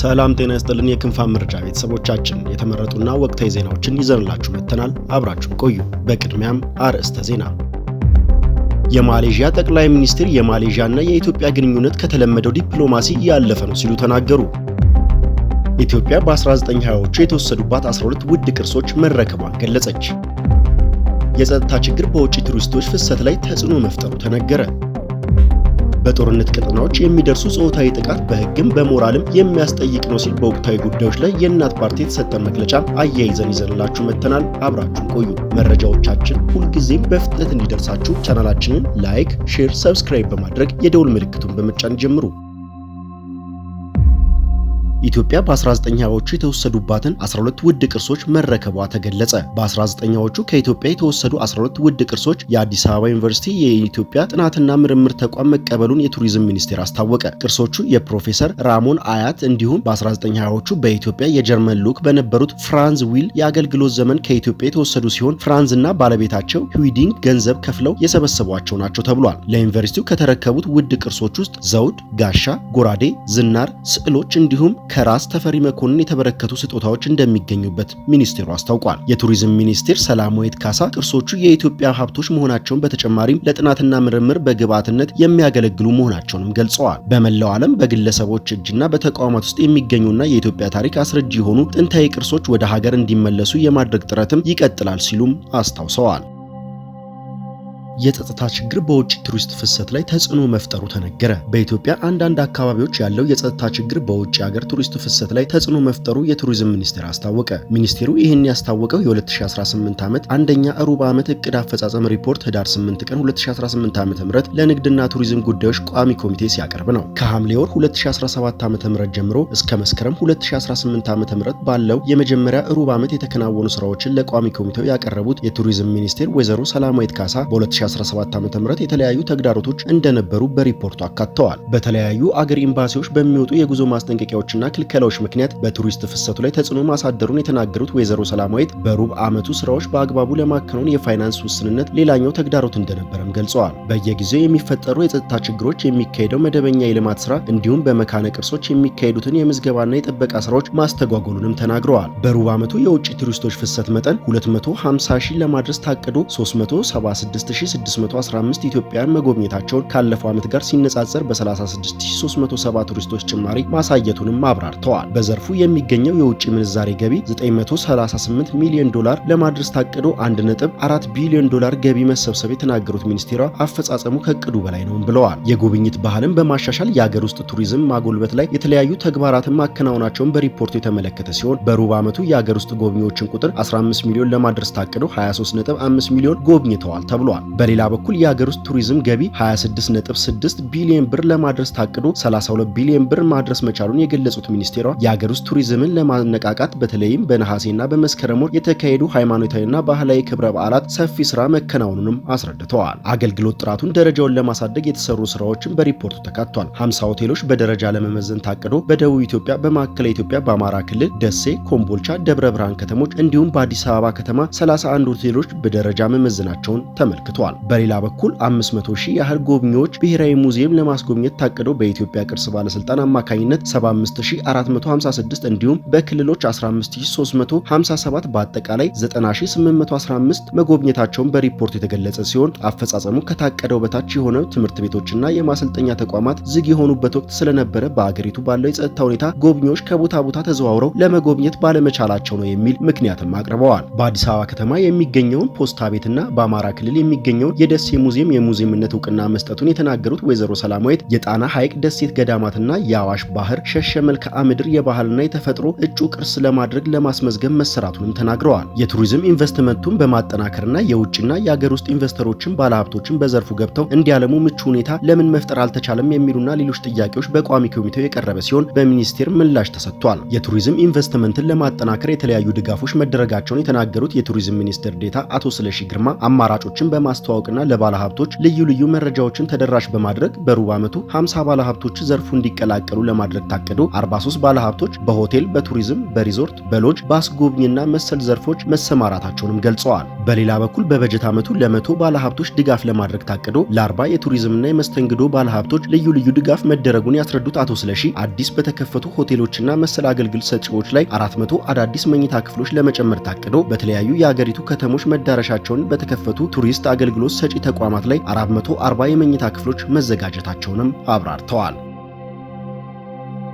ሰላም ጤና ይስጥልን። የክንፋን መረጃ ቤተሰቦቻችን የተመረጡና ወቅታዊ ዜናዎችን ይዘንላችሁ መጥተናል። አብራችሁን ቆዩ። በቅድሚያም አርዕስተ ዜና። የማሌዥያ ጠቅላይ ሚኒስትር የማሌዥያና የኢትዮጵያ ግንኙነት ከተለመደው ዲፕሎማሲ ያለፈ ነው ሲሉ ተናገሩ። ኢትዮጵያ በ1920ዎቹ የተወሰዱባት 12 ውድ ቅርሶች መረከቧን ገለጸች። የጸጥታ ችግር በውጭ ቱሪስቶች ፍሰት ላይ ተጽዕኖ መፍጠሩ ተነገረ። በጦርነት ቀጠናዎች የሚደርሱ ጾታዊ ጥቃት በህግም በሞራልም የሚያስጠይቅ ነው ሲል በወቅታዊ ጉዳዮች ላይ የእናት ፓርቲ የተሰጠን መግለጫ አያይዘን ይዘንላችሁ መጥተናል። አብራችሁን ቆዩ። መረጃዎቻችን ሁልጊዜም በፍጥነት እንዲደርሳችሁ ቻናላችንን ላይክ፣ ሼር፣ ሰብስክራይብ በማድረግ የደውል ምልክቱን በመጫን ጀምሩ። ኢትዮጵያ በ1920ዎቹ የተወሰዱባትን 12 ውድ ቅርሶች መረከቧ ተገለጸ። በ19ዎቹ ከኢትዮጵያ የተወሰዱ 12 ውድ ቅርሶች የአዲስ አበባ ዩኒቨርሲቲ የኢትዮጵያ ጥናትና ምርምር ተቋም መቀበሉን የቱሪዝም ሚኒስቴር አስታወቀ። ቅርሶቹ የፕሮፌሰር ራሞን አያት እንዲሁም በ1920ዎቹ በኢትዮጵያ የጀርመን ልዑክ በነበሩት ፍራንዝ ዊል የአገልግሎት ዘመን ከኢትዮጵያ የተወሰዱ ሲሆን ፍራንዝ እና ባለቤታቸው ሂዊዲንግ ገንዘብ ከፍለው የሰበሰቧቸው ናቸው ተብሏል። ለዩኒቨርሲቲው ከተረከቡት ውድ ቅርሶች ውስጥ ዘውድ፣ ጋሻ፣ ጎራዴ፣ ዝናር፣ ስዕሎች እንዲሁም ከራስ ተፈሪ መኮንን የተበረከቱ ስጦታዎች እንደሚገኙበት ሚኒስቴሩ አስታውቋል። የቱሪዝም ሚኒስቴር ሰላማዊት ካሳ ቅርሶቹ የኢትዮጵያ ሀብቶች መሆናቸውን በተጨማሪም ለጥናትና ምርምር በግብዓትነት የሚያገለግሉ መሆናቸውንም ገልጸዋል። በመላው ዓለም በግለሰቦች እጅና በተቋማት ውስጥ የሚገኙና የኢትዮጵያ ታሪክ አስረጅ የሆኑ ጥንታዊ ቅርሶች ወደ ሀገር እንዲመለሱ የማድረግ ጥረትም ይቀጥላል ሲሉም አስታውሰዋል። የጸጥታ ችግር በውጭ ቱሪስት ፍሰት ላይ ተጽዕኖ መፍጠሩ ተነገረ። በኢትዮጵያ አንዳንድ አካባቢዎች ያለው የጸጥታ ችግር በውጭ ሀገር ቱሪስት ፍሰት ላይ ተጽዕኖ መፍጠሩ የቱሪዝም ሚኒስቴር አስታወቀ። ሚኒስቴሩ ይህን ያስታወቀው የ2018 ዓመት አንደኛ ሩብ ዓመት እቅድ አፈጻጸም ሪፖርት ህዳር 8 ቀን 2018 ዓ.ም ለንግድና ቱሪዝም ጉዳዮች ቋሚ ኮሚቴ ሲያቀርብ ነው። ከሐምሌ ወር 2017 ዓ.ም ጀምሮ እስከ መስከረም 2018 ዓ.ም ባለው የመጀመሪያ ሩብ ዓመት የተከናወኑ ስራዎችን ለቋሚ ኮሚቴው ያቀረቡት የቱሪዝም ሚኒስቴር ወይዘሮ ሰላማዊት ካሳ በ 2017 ዓ ም የተለያዩ ተግዳሮቶች እንደነበሩ በሪፖርቱ አካተዋል። በተለያዩ አገር ኤምባሲዎች በሚወጡ የጉዞ ማስጠንቀቂያዎችና ክልከላዎች ምክንያት በቱሪስት ፍሰቱ ላይ ተጽዕኖ ማሳደሩን የተናገሩት ወይዘሮ ሰላማዊት በሩብ ዓመቱ ስራዎች በአግባቡ ለማከናወን የፋይናንስ ውስንነት ሌላኛው ተግዳሮት እንደነበረም ገልጸዋል። በየጊዜው የሚፈጠሩ የጸጥታ ችግሮች፣ የሚካሄደው መደበኛ የልማት ስራ እንዲሁም በመካነ ቅርሶች የሚካሄዱትን የምዝገባና የጥበቃ ስራዎች ማስተጓጎሉንም ተናግረዋል። በሩብ ዓመቱ የውጭ ቱሪስቶች ፍሰት መጠን 250 ሺህ ለማድረስ ታቅዶ 376 36615 ኢትዮጵያን መጎብኘታቸውን ካለፈው ዓመት ጋር ሲነጻጸር በ36307 ቱሪስቶች ጭማሪ ማሳየቱንም አብራርተዋል። በዘርፉ የሚገኘው የውጭ ምንዛሬ ገቢ 938 ሚሊዮን ዶላር ለማድረስ ታቅዶ 1.4 ቢሊዮን ዶላር ገቢ መሰብሰብ የተናገሩት ሚኒስቴሯ አፈጻጸሙ ከእቅዱ በላይ ነውም ብለዋል። የጉብኝት ባህልን በማሻሻል የአገር ውስጥ ቱሪዝም ማጎልበት ላይ የተለያዩ ተግባራትን ማከናወናቸውን በሪፖርቱ የተመለከተ ሲሆን በሩብ ዓመቱ የአገር ውስጥ ጎብኚዎችን ቁጥር 15 ሚሊዮን ለማድረስ ታቅዶ 23.5 ሚሊዮን ጎብኝተዋል ተብሏል። በሌላ በኩል የሀገር ውስጥ ቱሪዝም ገቢ 26.6 ቢሊዮን ብር ለማድረስ ታቅዶ 32 ቢሊዮን ብር ማድረስ መቻሉን የገለጹት ሚኒስቴሯ የሀገር ውስጥ ቱሪዝምን ለማነቃቃት በተለይም በነሐሴና በመስከረም ወር የተካሄዱ ሃይማኖታዊና ባህላዊ ክብረ በዓላት ሰፊ ስራ መከናወኑንም አስረድተዋል። አገልግሎት ጥራቱን ደረጃውን ለማሳደግ የተሰሩ ስራዎችን በሪፖርቱ ተካቷል። 50 ሆቴሎች በደረጃ ለመመዘን ታቅዶ በደቡብ ኢትዮጵያ፣ በማዕከላዊ ኢትዮጵያ፣ በአማራ ክልል ደሴ፣ ኮምቦልቻ፣ ደብረ ብርሃን ከተሞች እንዲሁም በአዲስ አበባ ከተማ 31 ሆቴሎች በደረጃ መመዘናቸውን ተመልክተዋል። በሌላ በኩል 500 ሺህ ያህል ጎብኚዎች ብሔራዊ ሙዚየም ለማስጎብኘት ታቅደው በኢትዮጵያ ቅርስ ባለስልጣን አማካኝነት 75456 እንዲሁም በክልሎች 15357 በአጠቃላይ 90815 መጎብኘታቸውን በሪፖርት የተገለጸ ሲሆን አፈጻጸሙ ከታቀደው በታች የሆነ ትምህርት ቤቶችና የማሰልጠኛ ተቋማት ዝግ የሆኑበት ወቅት ስለነበረ በአገሪቱ ባለው የጸጥታ ሁኔታ ጎብኚዎች ከቦታ ቦታ ተዘዋውረው ለመጎብኘት ባለመቻላቸው ነው የሚል ምክንያትም አቅርበዋል። በአዲስ አበባ ከተማ የሚገኘውን ፖስታ ቤትና በአማራ ክልል የሚገኘው ለሚገኘው የደሴ ሙዚየም የሙዚየምነት እውቅና መስጠቱን የተናገሩት ወይዘሮ ሰላማዊት የጣና ሐይቅ ደሴት ገዳማትና የአዋሽ ባህር ሸሸ መልክዓ ምድር የባህልና የተፈጥሮ እጩ ቅርስ ለማድረግ ለማስመዝገብ መሰራቱንም ተናግረዋል። የቱሪዝም ኢንቨስትመንቱን በማጠናከርና የውጭና የአገር ውስጥ ኢንቨስተሮችን ባለሀብቶችን በዘርፉ ገብተው እንዲያለሙ ምቹ ሁኔታ ለምን መፍጠር አልተቻለም የሚሉና ሌሎች ጥያቄዎች በቋሚ ኮሚቴው የቀረበ ሲሆን በሚኒስቴር ምላሽ ተሰጥቷል። የቱሪዝም ኢንቨስትመንትን ለማጠናከር የተለያዩ ድጋፎች መደረጋቸውን የተናገሩት የቱሪዝም ሚኒስትር ዴታ አቶ ስለሺ ግርማ አማራጮችን በማስ በማስተዋወቅና ለባለሀብቶች ልዩ ልዩ መረጃዎችን ተደራሽ በማድረግ በሩብ ዓመቱ 50 ባለሀብቶች ዘርፉ እንዲቀላቀሉ ለማድረግ ታቅዶ 43 ባለሀብቶች በሆቴል፣ በቱሪዝም፣ በሪዞርት፣ በሎጅ፣ በአስጎብኝና መሰል ዘርፎች መሰማራታቸውንም ገልጸዋል። በሌላ በኩል በበጀት ዓመቱ ለመቶ ባለሀብቶች ድጋፍ ለማድረግ ታቅዶ ለአርባ የቱሪዝምና የመስተንግዶ ባለሀብቶች ልዩ ልዩ ድጋፍ መደረጉን ያስረዱት አቶ ስለሺ አዲስ በተከፈቱ ሆቴሎችና መሰል አገልግሎት ሰጪዎች ላይ 400 አዳዲስ መኝታ ክፍሎች ለመጨመር ታቅዶ በተለያዩ የአገሪቱ ከተሞች መዳረሻቸውን በተከፈቱ ቱሪስት አገልግሎት አገልግሎት ሰጪ ተቋማት ላይ 440 የመኝታ ክፍሎች መዘጋጀታቸውንም አብራርተዋል።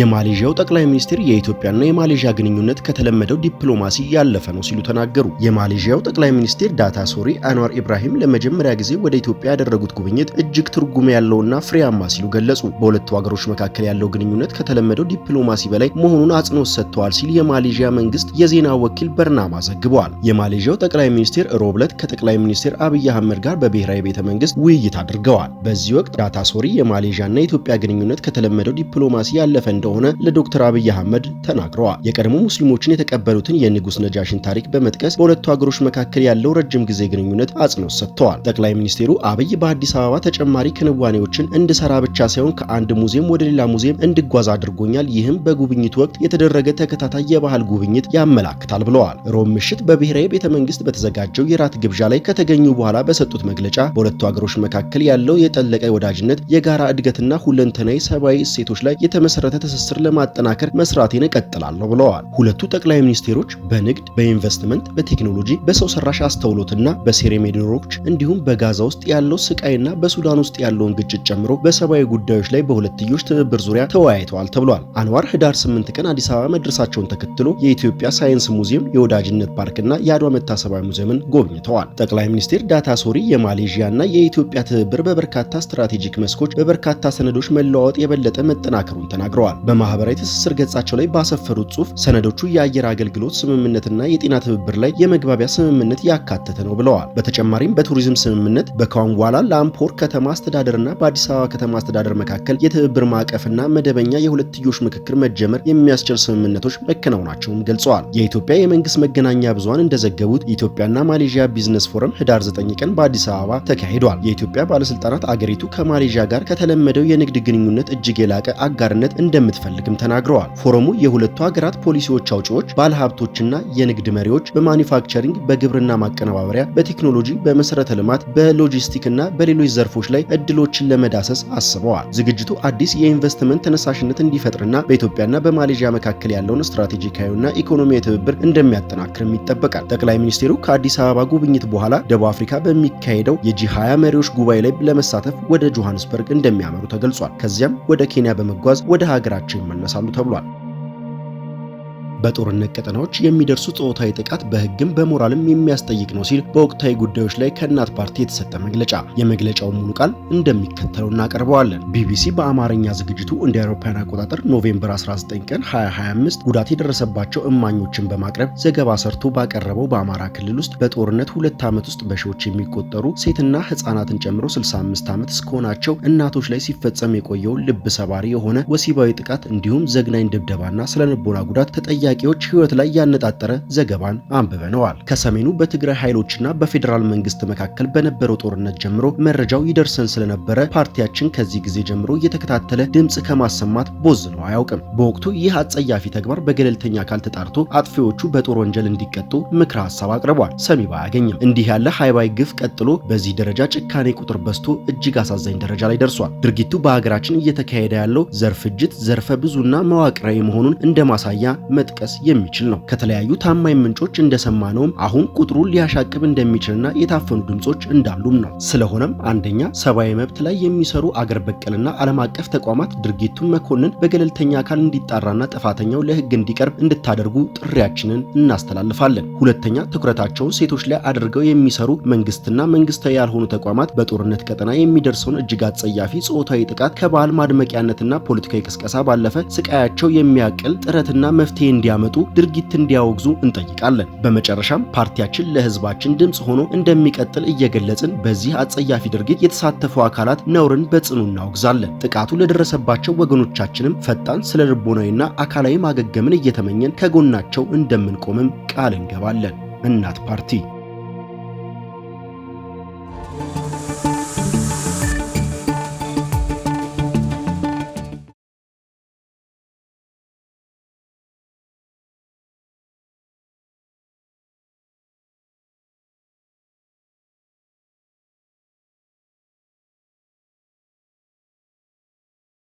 የማሌዥያው ጠቅላይ ሚኒስትር የኢትዮጵያና የማሌዥያ ግንኙነት ከተለመደው ዲፕሎማሲ ያለፈ ነው ሲሉ ተናገሩ። የማሌዥያው ጠቅላይ ሚኒስትር ዳታ ሶሪ አንዋር ኢብራሂም ለመጀመሪያ ጊዜ ወደ ኢትዮጵያ ያደረጉት ጉብኝት እጅግ ትርጉም ያለውና ፍሬያማ ሲሉ ገለጹ። በሁለቱ ሀገሮች መካከል ያለው ግንኙነት ከተለመደው ዲፕሎማሲ በላይ መሆኑን አጽንኦት ሰጥተዋል ሲል የማሌዥያ መንግስት የዜና ወኪል በርናማ ዘግበዋል። የማሌዥያው ጠቅላይ ሚኒስትር ሮብለት ከጠቅላይ ሚኒስትር አብይ አህመድ ጋር በብሔራዊ ቤተ መንግስት ውይይት አድርገዋል። በዚህ ወቅት ዳታ ሶሪ የማሌዥያና የኢትዮጵያ ግንኙነት ከተለመደው ዲፕሎማሲ ያለፈ እንደሆነ ለዶክተር አብይ አህመድ ተናግረዋል። የቀድሞ ሙስሊሞችን የተቀበሉትን የንጉስ ነጃሽን ታሪክ በመጥቀስ በሁለቱ ሀገሮች መካከል ያለው ረጅም ጊዜ ግንኙነት አጽንኦት ሰጥተዋል። ጠቅላይ ሚኒስትሩ አብይ በአዲስ አበባ ተጨማሪ ክንዋኔዎችን እንድሰራ ብቻ ሳይሆን ከአንድ ሙዚየም ወደ ሌላ ሙዚየም እንድጓዝ አድርጎኛል። ይህም በጉብኝት ወቅት የተደረገ ተከታታይ የባህል ጉብኝት ያመላክታል ብለዋል። ሮም ምሽት በብሔራዊ ቤተ መንግስት በተዘጋጀው የራት ግብዣ ላይ ከተገኙ በኋላ በሰጡት መግለጫ በሁለቱ ሀገሮች መካከል ያለው የጠለቀ ወዳጅነት የጋራ እድገትና ሁለንተናዊ ሰብአዊ እሴቶች ላይ የተመሰረተ ትስስር ለማጠናከር መስራቴን እቀጥላለሁ ብለዋል። ሁለቱ ጠቅላይ ሚኒስቴሮች በንግድ፣ በኢንቨስትመንት፣ በቴክኖሎጂ፣ በሰው ሰራሽ አስተውሎትና በሴሬሜድሮች እንዲሁም በጋዛ ውስጥ ያለው ስቃይና በሱዳን ውስጥ ያለውን ግጭት ጨምሮ በሰብአዊ ጉዳዮች ላይ በሁለትዮሽ ትብብር ዙሪያ ተወያይተዋል ተብሏል። አንዋር ህዳር 8 ቀን አዲስ አበባ መድረሳቸውን ተከትሎ የኢትዮጵያ ሳይንስ ሙዚየም፣ የወዳጅነት ፓርክና የአድዋ መታሰቢያ ሙዚየምን ጎብኝተዋል። ጠቅላይ ሚኒስቴር ዳታ ሶሪ የማሌዥያና የኢትዮጵያ ትብብር በበርካታ ስትራቴጂክ መስኮች በበርካታ ሰነዶች መለዋወጥ የበለጠ መጠናከሩን ተናግረዋል። በማህበራዊ ትስስር ገጻቸው ላይ ባሰፈሩት ጽሑፍ ሰነዶቹ የአየር አገልግሎት ስምምነትና የጤና ትብብር ላይ የመግባቢያ ስምምነት ያካተተ ነው ብለዋል። በተጨማሪም በቱሪዝም ስምምነት በካንጓላ ላምፖር ከተማ አስተዳደርና በአዲስ አበባ ከተማ አስተዳደር መካከል የትብብር ማዕቀፍና መደበኛ የሁለትዮሽ ምክክር መጀመር የሚያስችል ስምምነቶች መከናወናቸውም ገልጸዋል። የኢትዮጵያ የመንግስት መገናኛ ብዙሃን እንደዘገቡት ኢትዮጵያና ማሌዥያ ቢዝነስ ፎረም ህዳር 9 ቀን በአዲስ አበባ ተካሂዷል። የኢትዮጵያ ባለስልጣናት አገሪቱ ከማሌዥያ ጋር ከተለመደው የንግድ ግንኙነት እጅግ የላቀ አጋርነት እንደ እንደምትፈልግም ተናግረዋል። ፎረሙ የሁለቱ ሀገራት ፖሊሲዎች አውጪዎች፣ ባለሀብቶችና የንግድ መሪዎች በማኒፋክቸሪንግ፣ በግብርና ማቀነባበሪያ፣ በቴክኖሎጂ፣ በመሰረተ ልማት፣ እና በሌሎች ዘርፎች ላይ እድሎችን ለመዳሰስ አስበዋል። ዝግጅቱ አዲስ የኢንቨስትመንት ተነሳሽነት እንዲፈጥርና በኢትዮጵያና በማሌዥያ መካከል ያለውን ስትራቴጂካዊና ኢኮኖሚያዊ ትብብር እንደሚያጠናክርም ይጠበቃል። ጠቅላይ ሚኒስትሩ ከአዲስ አበባ ጉብኝት በኋላ ደቡብ አፍሪካ በሚካሄደው የጂ 20 መሪዎች ጉባኤ ላይ ለመሳተፍ ወደ ጆሃንስበርግ እንደሚያመሩ ተገልጿል። ከዚያም ወደ ኬንያ በመጓዝ ወደ ሀገራ ሀገራቸው ይመለሳሉ ተብሏል። በጦርነት ቀጠናዎች የሚደርሱ ጾታዊ ጥቃት በህግም በሞራልም የሚያስጠይቅ ነው ሲል በወቅታዊ ጉዳዮች ላይ ከእናት ፓርቲ የተሰጠ መግለጫ። የመግለጫው ሙሉ ቃል እንደሚከተለው እናቀርበዋለን። ቢቢሲ በአማርኛ ዝግጅቱ እንደ አውሮፓውያን አቆጣጠር ኖቬምበር 19 ቀን 2025 ጉዳት የደረሰባቸው እማኞችን በማቅረብ ዘገባ ሰርቶ ባቀረበው በአማራ ክልል ውስጥ በጦርነት ሁለት ዓመት ውስጥ በሺዎች የሚቆጠሩ ሴትና ህጻናትን ጨምሮ 65 ዓመት እስከሆናቸው እናቶች ላይ ሲፈጸም የቆየውን ልብ ሰባሪ የሆነ ወሲባዊ ጥቃት እንዲሁም ዘግናኝ ድብደባና ስለንቦና ጉዳት ተጠያ ጥያቄዎች ህይወት ላይ ያነጣጠረ ዘገባን አንብበነዋል። ከሰሜኑ በትግራይ ኃይሎችና በፌዴራል መንግስት መካከል በነበረው ጦርነት ጀምሮ መረጃው ይደርሰን ስለነበረ ፓርቲያችን ከዚህ ጊዜ ጀምሮ እየተከታተለ ድምፅ ከማሰማት ቦዝኖ አያውቅም። በወቅቱ ይህ አጸያፊ ተግባር በገለልተኛ አካል ተጣርቶ አጥፊዎቹ በጦር ወንጀል እንዲቀጡ ምክረ ሀሳብ አቅርቧል። ሰሚ ባያገኝም እንዲህ ያለ ሃይባይ ግፍ ቀጥሎ በዚህ ደረጃ ጭካኔ ቁጥር በዝቶ እጅግ አሳዛኝ ደረጃ ላይ ደርሷል። ድርጊቱ በሀገራችን እየተካሄደ ያለው ዘር ፍጅት ዘርፈ ብዙና መዋቅራዊ መሆኑን እንደ ማሳያ መጥቀስ የሚችል ነው። ከተለያዩ ታማኝ ምንጮች እንደሰማነውም አሁን ቁጥሩን ሊያሻቅብ እንደሚችልና የታፈኑ ድምጾች እንዳሉም ነው። ስለሆነም አንደኛ ሰብአዊ መብት ላይ የሚሰሩ አገር በቀልና ዓለም አቀፍ ተቋማት ድርጊቱን መኮንን በገለልተኛ አካል እንዲጣራና ጥፋተኛው ለህግ እንዲቀርብ እንድታደርጉ ጥሪያችንን እናስተላልፋለን። ሁለተኛ ትኩረታቸውን ሴቶች ላይ አድርገው የሚሰሩ መንግስትና መንግስታዊ ያልሆኑ ተቋማት በጦርነት ቀጠና የሚደርሰውን እጅግ አጸያፊ ጾታዊ ጥቃት ከባህል ማድመቂያነትና ፖለቲካዊ ቅስቀሳ ባለፈ ስቃያቸው የሚያቅል ጥረትና መፍትሄ እንዲ እንዲያመጡ፣ ድርጊት እንዲያወግዙ እንጠይቃለን። በመጨረሻም ፓርቲያችን ለህዝባችን ድምፅ ሆኖ እንደሚቀጥል እየገለጽን በዚህ አጸያፊ ድርጊት የተሳተፉ አካላት ነውርን በጽኑ እናወግዛለን። ጥቃቱ ለደረሰባቸው ወገኖቻችንም ፈጣን ስለ ልቦናዊና አካላዊ ማገገምን እየተመኘን ከጎናቸው እንደምንቆምም ቃል እንገባለን። እናት ፓርቲ